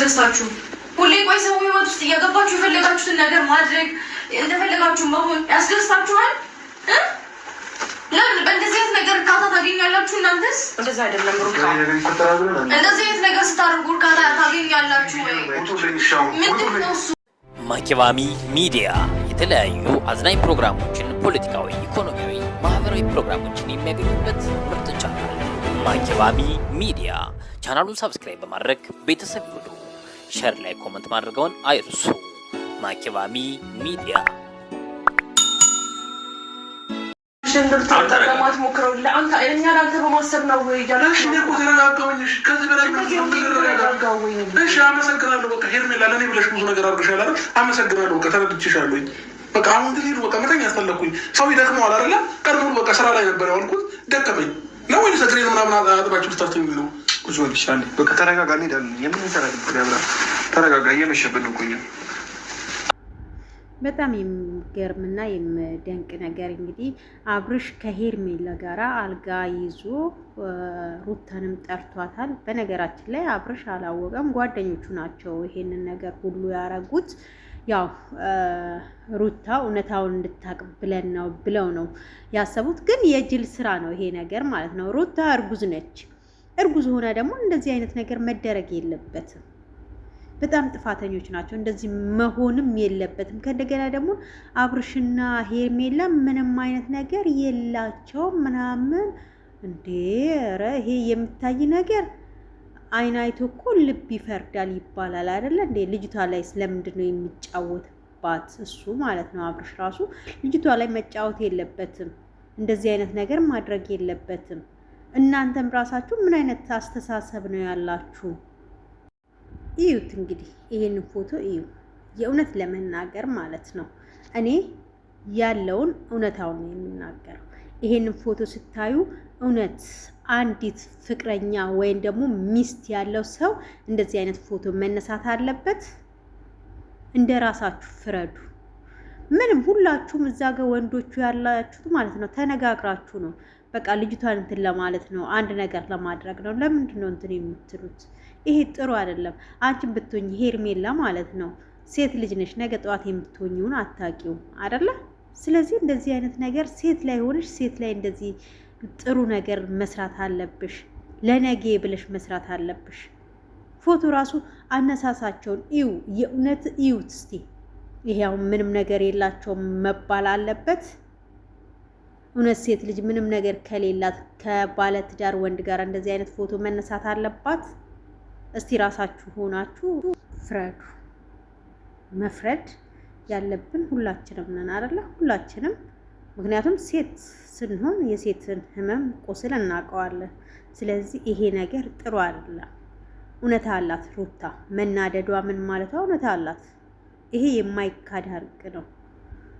አያስደስታችሁ። ሁሌ ቆይ ሰው ህይወት ውስጥ እየገባችሁ የፈለጋችሁትን ነገር ማድረግ እንደፈለጋችሁ መሆን ያስደስታችኋል። ለምን በእንደዚህ አይነት ነገር እርካታ ታገኛላችሁ? እናንተስ እንደዛ አይደለም። ሩካ እንደዚህ አይነት ነገር ስታደርጉ እርካታ ታገኛላችሁ ወይ? ምንድን ነው እሱ? ማኪባሚ ሚዲያ የተለያዩ አዝናኝ ፕሮግራሞችን፣ ፖለቲካዊ፣ ኢኮኖሚያዊ፣ ማህበራዊ ፕሮግራሞችን የሚያገኙበት ምርጥ ቻናል ማኪባሚ ሚዲያ። ቻናሉን ሳብስክራይብ በማድረግ ቤተሰብ ይሁኑ። ሸር ላይ ኮመንት ማድረገውን አይርሱ። ማኪባሚ ሚዲያ ሽንብር ለማት ለአንተ ነው አመሰግናለሁ በቃ ሄርሜላ ነገር አድርገሻል አይደል? አመሰግናለሁ በቃ ተረድቼሻለሁኝ። ሰው ይደክመዋል አይደለ? ቀድሞ በቃ ስራ ላይ ነበር ያዋልኩት ደከመኝ ነው ወይስ እግሬን ምናምን አጥባችሁ ልታስተኙ ነው? ብዙ ወጥቻለሁ። በቃ ተረጋጋ፣ እንሄዳለን። የምንሰራበት ያምራ። ተረጋጋ፣ እየመሸብን ነው። ቆይ በጣም የሚገርምና የሚደንቅ ነገር እንግዲህ አብርሽ ከሄርሜላ ጋራ አልጋ ይዞ ሩታንም ጠርቷታል። በነገራችን ላይ አብርሽ አላወቀም፣ ጓደኞቹ ናቸው ይሄንን ነገር ሁሉ ያረጉት። ያው ሩታ እውነታውን እንድታቅ ብለን ነው ብለው ነው ያሰቡት። ግን የጅል ስራ ነው ይሄ ነገር ማለት ነው። ሩታ እርጉዝ ነች። እርጉዝ ሆና ደግሞ እንደዚህ አይነት ነገር መደረግ የለበትም። በጣም ጥፋተኞች ናቸው። እንደዚህ መሆንም የለበትም። ከእንደገና ደግሞ አብርሽና ሄርሜላ ምንም አይነት ነገር የላቸውም ምናምን እንዴ! ኧረ ይሄ የምታይ ነገር አይን አይቶ እኮ ልብ ይፈርዳል ይባላል አይደለ እንዴ? ልጅቷ ላይ ስለምንድን ነው የሚጫወትባት እሱ ማለት ነው። አብርሽ ራሱ ልጅቷ ላይ መጫወት የለበትም። እንደዚህ አይነት ነገር ማድረግ የለበትም። እናንተም ራሳችሁ ምን አይነት አስተሳሰብ ነው ያላችሁ? እዩት እንግዲህ ይህን ፎቶ እዩ። የእውነት ለመናገር ማለት ነው እኔ ያለውን እውነታውን ነው የምናገረው። ይሄንን ፎቶ ስታዩ እውነት አንዲት ፍቅረኛ ወይም ደግሞ ሚስት ያለው ሰው እንደዚህ አይነት ፎቶ መነሳት አለበት? እንደ ራሳችሁ ፍረዱ። ምንም ሁላችሁም እዛ ጋር ወንዶቹ ያላችሁት ማለት ነው ተነጋግራችሁ ነው በቃ ልጅቷን እንትን ለማለት ነው፣ አንድ ነገር ለማድረግ ነው። ለምንድን ነው እንትን የምትሉት? ይሄ ጥሩ አይደለም። አንቺን ብትሆኝ ሄርሜላ ማለት ነው ሴት ልጅ ነሽ፣ ነገ ጠዋት የምትሆኝውን አታቂው አይደለ? ስለዚህ እንደዚህ አይነት ነገር ሴት ላይ ሆነሽ ሴት ላይ እንደዚህ ጥሩ ነገር መስራት አለብሽ፣ ለነገ ብለሽ መስራት አለብሽ። ፎቶ ራሱ አነሳሳቸውን እዩ፣ የእውነት እዩት እስቲ። ይሄ አሁን ምንም ነገር የላቸውም መባል አለበት። እውነት ሴት ልጅ ምንም ነገር ከሌላት ከባለ ትዳር ወንድ ጋር እንደዚህ አይነት ፎቶ መነሳት አለባት? እስቲ ራሳችሁ ሆናችሁ ፍረዱ። መፍረድ ያለብን ሁላችንም ነን አደለ? ሁላችንም ምክንያቱም ሴት ስንሆን የሴትን ህመም ቁስል እናውቀዋለን። ስለዚህ ይሄ ነገር ጥሩ አይደለም። እውነታ አላት ሩታ መናደዷ፣ ምን ማለቷ እውነታ አላት። ይሄ የማይካድ ሀቅ ነው።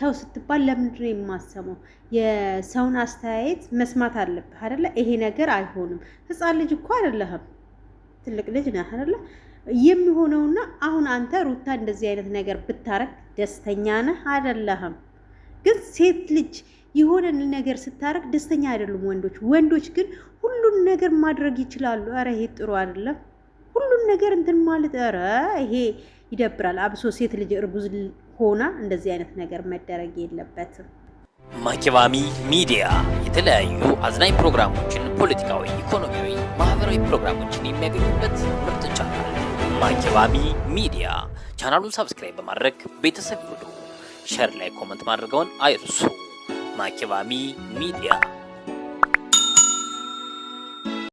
ተው ስትባል ለምንድን ነው የማሰመው? የሰውን አስተያየት መስማት አለብህ አይደለ? ይሄ ነገር አይሆንም። ህፃን ልጅ እኮ አይደለህም፣ ትልቅ ልጅ ነህ አይደለ? የሚሆነውና አሁን አንተ ሩታ እንደዚህ አይነት ነገር ብታረግ ደስተኛ ነህ አይደለህም? ግን ሴት ልጅ የሆነ ነገር ስታረግ ደስተኛ አይደሉም ወንዶች። ወንዶች ግን ሁሉን ነገር ማድረግ ይችላሉ። ኧረ ይሄ ጥሩ አይደለም። ሁሉን ነገር እንትን ማለት ኧረ ይሄ ይደብራል። አብሶ ሴት ልጅ እርጉዝ ሆና እንደዚህ አይነት ነገር መደረግ የለበትም። ማኪባሚ ሚዲያ የተለያዩ አዝናኝ ፕሮግራሞችን፣ ፖለቲካዊ፣ ኢኮኖሚያዊ፣ ማህበራዊ ፕሮግራሞችን የሚያገኙበት ምርጥ ቻናል ማኪባሚ ሚዲያ። ቻናሉን ሰብስክራይብ በማድረግ ቤተሰብ ይሁኑ። ሸር ላይ ኮመንት ማድረገውን አይርሱ። ማኪባሚ ሚዲያ